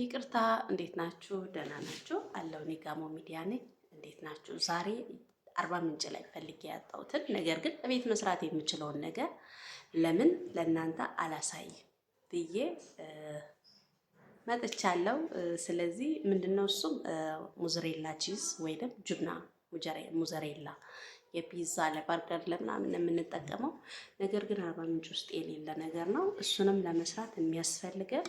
ይቅርታ እንዴት ናችሁ? ደህና ናችሁ? አለው እኔ ጋሞ ሚዲያ ነኝ። እንዴት ናችሁ? ዛሬ አርባ ምንጭ ላይ ፈልጌ ያጣሁትን ነገር ግን እቤት መስራት የምችለውን ነገር ለምን ለእናንተ አላሳይም ብዬ መጥቻለሁ። ስለዚህ ምንድነው እሱም ሙዝሬላ ቺዝ ወይም ጁብና ሙዘሬላ የፒዛ ለበርገር ለምናምን የምንጠቀመው ነገር ግን አርባ ምንጭ ውስጥ የሌለ ነገር ነው። እሱንም ለመስራት የሚያስፈልገን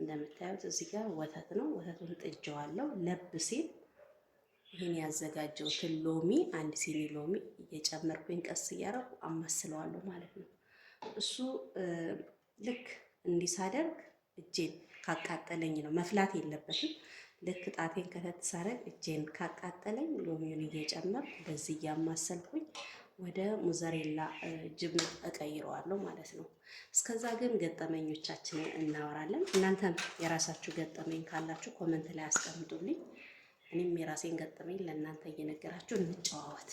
እንደምታዩት እዚህ ጋር ወተት ነው። ወተቱን ጥጄዋለሁ ለብ ሲል ይህን ያዘጋጀሁትን ሎሚ አንድ ሲኒ ሎሚ እየጨመርኩኝ ቀስ እያረኩ አማስለዋለሁ ማለት ነው። እሱ ልክ እንዲሳደርግ እጄን ካቃጠለኝ ነው፣ መፍላት የለበትም። ልክ ጣቴን ከተት ሳደርግ እጄን ካቃጠለኝ ሎሚውን እየጨመርኩ በዚህ እያማሰልኩኝ ወደ ሙዘሬላ ጅብን እቀይረዋለሁ ማለት ነው። እስከዛ ግን ገጠመኞቻችንን እናወራለን። እናንተም የራሳችሁ ገጠመኝ ካላችሁ ኮመንት ላይ አስቀምጡልኝ። እኔም የራሴን ገጠመኝ ለእናንተ እየነገራችሁ እንጨዋወት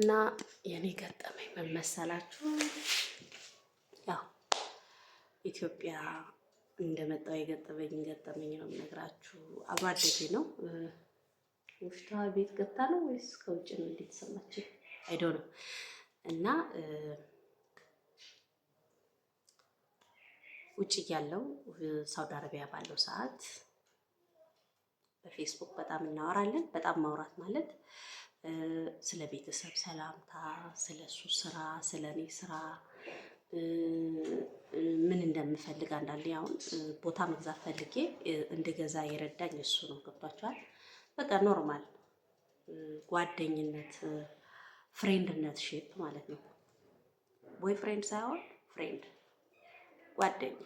እና የኔ ገጠመኝ ምን መሰላችሁ? ያው ኢትዮጵያ እንደመጣው የገጠመኝ ገጠመኝ ነው የምነግራችሁ። አባደጌ ነው ውሽቷ ቤት ገብታ ነው ወይስ ከውጭ ነው? እንዴት ሰማችሁ? አይዶ ነው እና ውጭ ያለው ሳውዲ አረቢያ ባለው ሰዓት በፌስቡክ በጣም እናወራለን። በጣም ማውራት ማለት ስለ ቤተሰብ ሰላምታ፣ ስለ እሱ ስራ፣ ስለ እኔ ስራ ምን እንደምፈልግ አንዳንዴ አሁን ቦታ መግዛት ፈልጌ እንድገዛ የረዳኝ እሱ ነው። ገብቷቸዋል። በቃ ኖርማል ጓደኝነት ፍሬንድነት ሼፕ ማለት ነው። ቦይ ፍሬንድ ሳይሆን ፍሬንድ ጓደኛ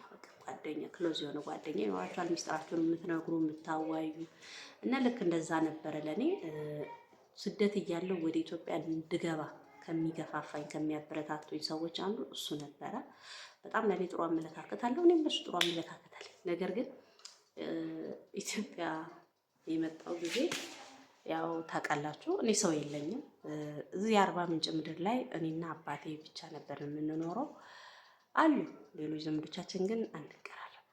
ጓደኛ ክሎዝ የሆነ ጓደኛ ይኖራችኋል። ሚስጥራችሁን የምትነግሩ የምታዋዩ እና ልክ እንደዛ ነበረ ለእኔ ስደት እያለው ወደ ኢትዮጵያ እንድገባ ከሚገፋፋኝ ከሚያበረታቱኝ ሰዎች አንዱ እሱ ነበረ። በጣም ለእኔ ጥሩ አመለካከት አለው፣ እኔም በሱ ጥሩ አመለካከት አለኝ። ነገር ግን ኢትዮጵያ የመጣው ጊዜ ያው ታውቃላችሁ፣ እኔ ሰው የለኝም እዚህ የአርባ ምንጭ ምድር ላይ እኔና አባቴ ብቻ ነበር የምንኖረው። አሉ ሌሎች ዘመዶቻችን ግን አንቀራለን።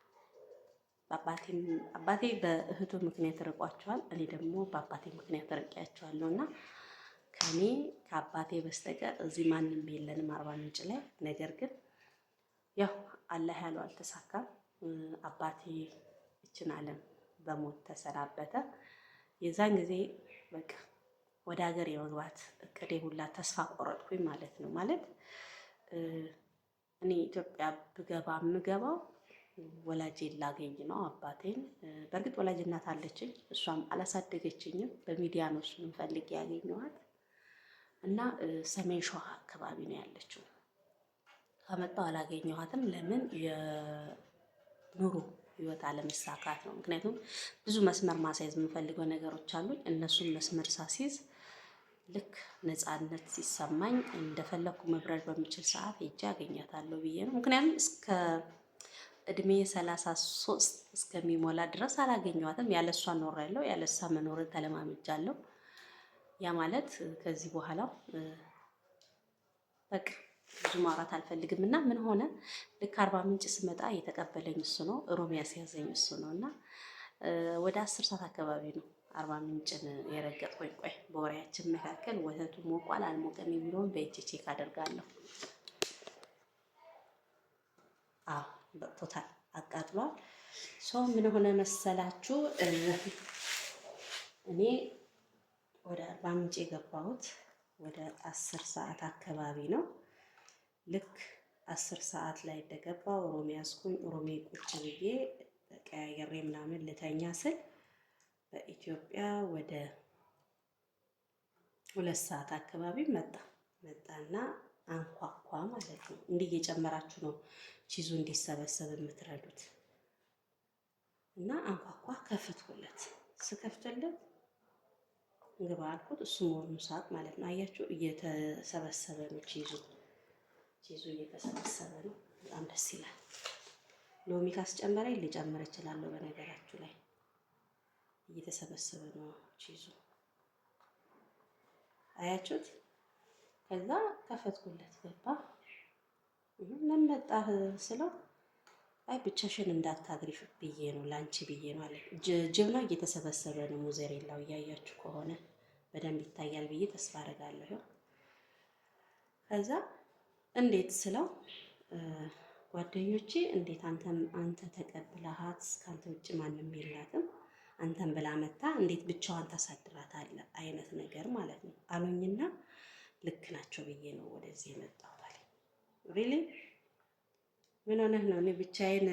አባቴ በእህቱ ምክንያት ርቋቸዋል። እኔ ደግሞ በአባቴ ምክንያት ርቄያቸዋለሁ እና ከእኔ ከአባቴ በስተቀር እዚህ ማንም የለንም አርባ ምንጭ ላይ። ነገር ግን ያው አላህ ያለው አልተሳካም። አባቴ ይችን ዓለም በሞት ተሰናበተ። የዛን ጊዜ በቃ ወደ ሀገር የመግባት እቅዴ ሁላ ተስፋ ቆረጥኩኝ ማለት ነው። ማለት እኔ ኢትዮጵያ ብገባ የምገባው ወላጄን ላገኝ ነው፣ አባቴን። በእርግጥ ወላጅ እናት አለችኝ፣ እሷም አላሳደገችኝም። በሚዲያ ነው እሱን ፈልጌ ያገኘኋት እና ሰሜን ሸዋ አካባቢ ነው ያለችው። ከመጣሁ አላገኘኋትም። ለምን የኑሮ ህይወት አለመሳካት ነው። ምክንያቱም ብዙ መስመር ማስያዝ የምፈልገው ነገሮች አሉኝ። እነሱን መስመር ሳስይዝ ልክ ነፃነት ሲሰማኝ እንደፈለግኩ መብረር በምችል ሰዓት ሄጄ አገኛታለሁ ብዬ ነው። ምክንያቱም እስከ እድሜ ሰላሳ ሶስት እስከሚሞላ ድረስ አላገኘዋትም። ያለሷ ኖር ያለው ያለሷ መኖርን ተለማምጃለሁ። ያ ማለት ከዚህ በኋላ በቃ ብዙ ማውራት አልፈልግም እና ምን ሆነ ልክ አርባ ምንጭ ስመጣ የተቀበለኝ እሱ ነው። ሮም ያስያዘኝ እሱ ነው እና ወደ አስር ሰዓት አካባቢ ነው አርባ ምንጭን የረገጥኩኝ። ቆይ በወሬያችን መካከል ወተቱ ሞቋል አልሞቀም የሚለውን በእጅ ቼክ አደርጋለሁ። አዎ በቅቶታል፣ አቃጥሏል። ሰው ምን ሆነ መሰላችሁ እኔ ወደ አርባ ምንጭ የገባሁት ወደ አስር ሰዓት አካባቢ ነው። ልክ አስር ሰዓት ላይ እንደገባ ኦሮሜ ያዝኩኝ። ኦሮሜ ቁጭ ብዬ ቀያየሬ ምናምን ልተኛ ስል በኢትዮጵያ ወደ ሁለት ሰዓት አካባቢ መጣ መጣና አንኳኳ ማለት ነው። እንዲህ እየጨመራችሁ ነው ቺዙ እንዲሰበሰብ የምትረዱት እና አንኳኳ ከፍትሁለት። ስከፍትለት ግባ አልኩት። እሱ መሆኑን ሳቅ ማለት ነው። አያችሁ እየተሰበሰበ ነው ቺዙ ቺዙ እየተሰበሰበ ነው። በጣም ደስ ይላል። ሎሚ ካስጨመረኝ ልጨምር እችላለሁ። በነገራችሁ ላይ እየተሰበሰበ ነው ቺዙ አያችሁት። ከዛ ከፈትኩለት ገባ። ምን መጣህ ስለው አይ ብቻሽን እንዳታድሪሽ ብዬ ነው ላንቺ ብዬ ነው አለ። ጅብ ነው እየተሰበሰበ ነው ሙዘሬላው። እያያችሁ ከሆነ በደንብ ይታያል ብዬ ተስፋ አደርጋለሁ። ከዛ እንዴት ስለው ጓደኞቼ እንዴት አንተም አንተ ተቀብለሃት ከአንተ ውጭ ማንም የላትም አንተን ብላ መታ እንዴት ብቻዋን ታሳድራታለህ አይነት ነገር ማለት ነው አሉኝና ልክ ናቸው ብዬ ነው ወደዚህ የመጣሁት አለኝ። ሪሊ ምን ሆነህ ነው? እኔ ብቻዬን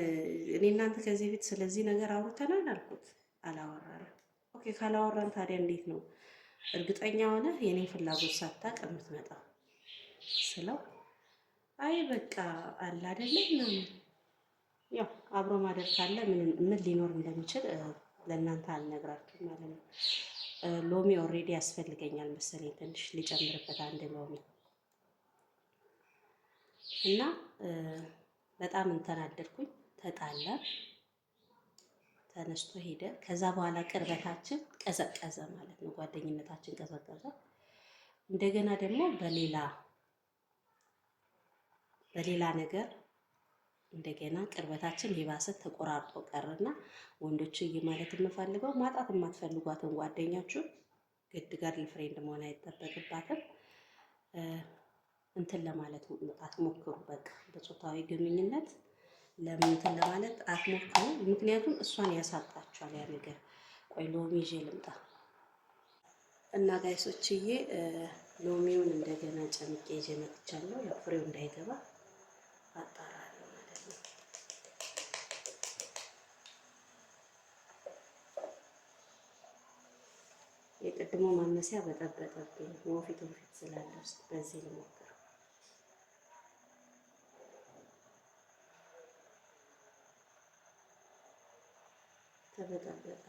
እኔ እናንተ ከዚህ ፊት ስለዚህ ነገር አውርተናል አልኩት። አላወራንም። ኦኬ ካላወራን ታዲያ እንዴት ነው እርግጠኛ ሆነህ የእኔ ፍላጎት ሳታቅ የምትመጣው ስለው አይ በቃ አለ አይደለም ያው አብሮ ማደር ካለ ምን ሊኖር እንደሚችል ለእናንተ አልነግራችሁም ማለት ነው። ሎሚ ኦሬዲ ያስፈልገኛል መሰለኝ ትንሽ ሊጨምርበት አንድ ሎሚ እና በጣም እንተናደድኩኝ። ተጣለ ተነስቶ ሄደ። ከዛ በኋላ ቅርበታችን ቀዘቀዘ ማለት ነው፣ ጓደኝነታችን ቀዘቀዘ። እንደገና ደግሞ በሌላ በሌላ ነገር እንደገና ቅርበታችን የባሰት ተቆራርጦ ቀርና ወንዶችዬ ማለት የምፈልገው ማጣት የማትፈልጓትን ጓደኛችሁ ግድ ጋር ፍሬንድ መሆን አይጠበቅባትም። እንትን ለማለት አትሞክሩ። በቃ በጾታዊ ግንኙነት ለምን እንትን ለማለት አትሞክሩ። ምክንያቱም እሷን ያሳጣችኋል ያ ነገር። ቆይ ሎሚ ይዤ ልምጣ እና ጋይሶችዬ ሎሚውን እንደገና ጨምቄ ይዤ መጥቻለሁ። ያው ፍሬው እንዳይገባ አጣራለሁ ማለት ነው። የቅድሞ ማነሲያ በጠበጠብኝ ወንፊት ወንፊት ስላለው በዚህ ልሞክር። ተበጠበጠ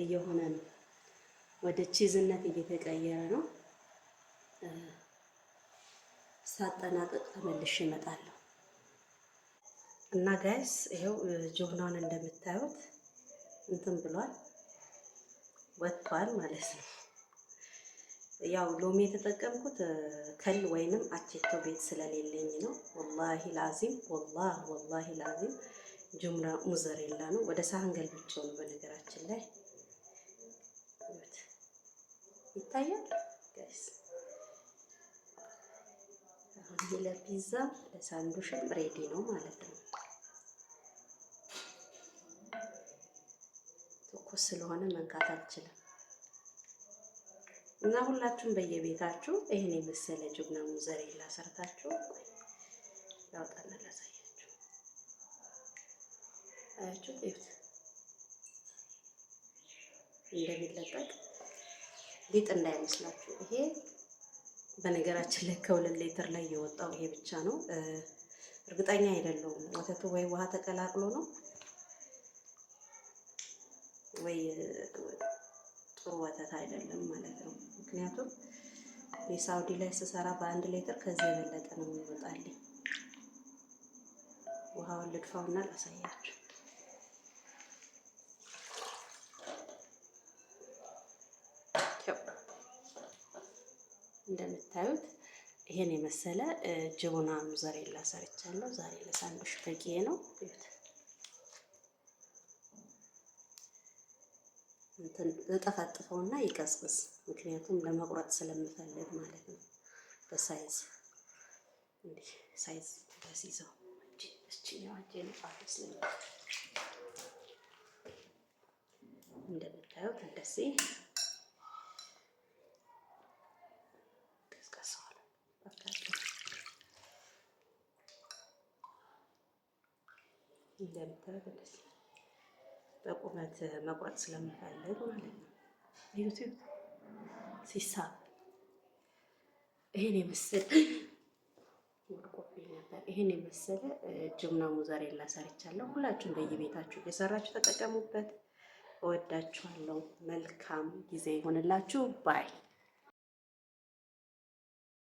እየሆነ ነው። ወደ ቺዝነት እየተቀየረ ነው። ሳጠናቅቅ ተመልሼ እመጣለሁ እና ጋይስ ይሄው ጆናን እንደምታዩት እንትን ብሏል ወጥቷል ማለት ነው። ያው ሎሚ የተጠቀምኩት ከል ወይንም አቼቶ ቤት ስለሌለኝ ነው። ወላሂ ላዚም ወላ ወላሂ ላዚም ጁምራ ሙዘሬላ ነው። ወደ ሳህን ገልብቼው ነው በነገራችን ላይ ይታያል ጋይስ። አሁን ይሄ ለፒዛ ለሳንዱሽም ሬዲ ነው ማለት ነው። ትኩስ ስለሆነ መንካት አልችልም። እና ሁላችሁም በየቤታችሁ ይህን የመሰለ ጅብና ሙዘሬላ ሰርታችሁ ያውጣና ላሳያችሁ። አያችሁ ይሁት እንደሚለጠቅ ሊጥ እንዳይመስላችሁ። ይሄ በነገራችን ላይ ከሁለት ሌትር ላይ የወጣው ይሄ ብቻ ነው። እርግጠኛ አይደለሁም ወተቱ ወይ ውሃ ተቀላቅሎ ነው ወይ ጥሩ ወተት አይደለም ማለት ነው። ምክንያቱም የሳውዲ ላይ ስሰራ በአንድ ሌትር ከዚህ የበለጠ ነው የሚወጣልኝ። ውሃውን ልድፋውና ላሳያችሁ። እንደምታዩት ይሄን የመሰለ ጅቡና ሙዘሬላ ሰርቻለሁ። ዛሬ ለሳንዱሽ በቂ ነው። ተጠፋጥፈውና ይቀዝቅዝ። ምክንያቱም ለመቁረጥ ስለምፈልግ ማለት ነው። በሳይዝ እንዲህ ሳይዝ በሲዘው እንደምታዩት እንደዚህ እንደምታዩት እንደዚህ በቁመት መቁረጥ ስለምፈልግ ማለት ነው። ዩቲዩብ ሲሳብ ይሄን የመሰለ ቆፌ ነበር። ይሄን የመሰለ ጅምና ሙዛሬላ ሰርቻለሁ። ሁላችሁም በየቤታችሁ እየሰራችሁ ተጠቀሙበት። እወዳችኋለሁ። መልካም ጊዜ ይሆንላችሁ ባይ